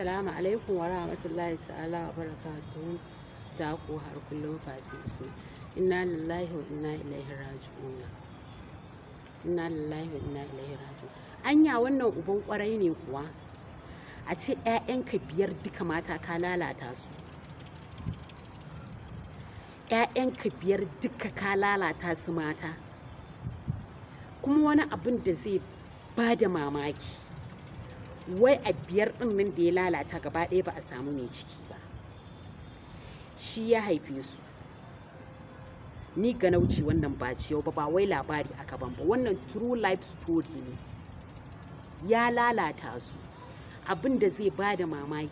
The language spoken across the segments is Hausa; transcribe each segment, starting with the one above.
Assalamu alaikum wa rahmatullahi ta'ala wa barakatuh ta ku har kullum Fati Usman. Inna lillahi wa inna ilaihi raji'un. Inna lillahi wa inna ilaihi raji'un. Anya wannan uban kwarai ne kuwa. A ce ƴaƴanka biyar duka mata ka lalata su. ƴaƴanka biyar duka ka lalata su mata. Kuma wani abin da zai bada da mamaki. wai a biyar ɗin nan da ya lalata gaba ɗaya ba a samu mai ciki ba shi ya haife su ni ga nauci wannan ba ciyau ba ba wai labari aka ban ba wannan true life story ne ya lalata su abin da zai ba da mamaki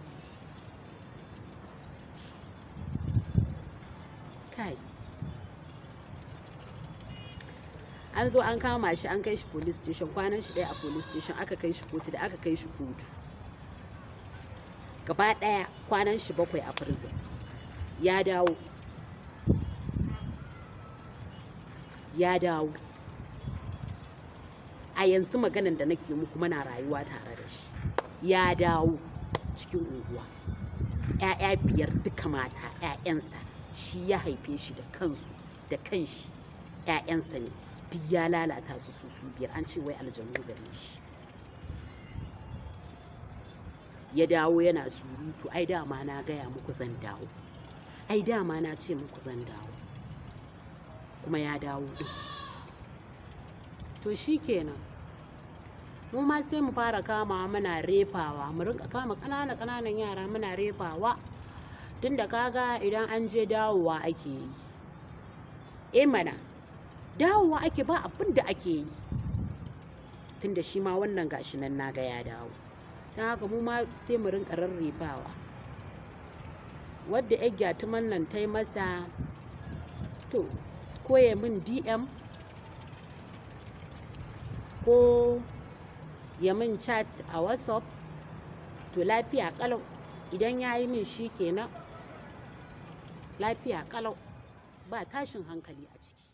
kai an zo an kama shi an kai shi police station kwanan shi ɗaya a police station aka kai shi kotu da aka kai shi kotu gaba ɗaya kwanan shi bakwai a prison ya dawo ya dawo a yanzu maganan da nake muku muna rayuwa tare da shi ya dawo cikin unguwa ‘ya'ya biyar duka mata ‘ya'yansa shi ya haife shi da kansu da kanshi ‘ya'yansa ne duk ya lalata su su su biyar an ce wai aljanu gare shi ya dawo yana surutu ai dama na gaya muku zan dawo ai dama na ce muku zan dawo kuma ya dawo din to shi kenan mu ma sai mu fara kama muna refawa mu rinka kama ƙananan ƙananan yara muna refawa tun da kaga idan an je dawowa ake yi eh mana dawowa ake ba abin da ake yi tun da shi ma wannan gashi nan naga ya dawo ta haka mu ma sai mu rinka rarrabawa wadda ya gyatuman nan ta yi masa to ko ya min dm ko ya min chat a whatsapp to lafiya kalau idan ya yi min shi kenan lafiya kalau ba tashin hankali a ciki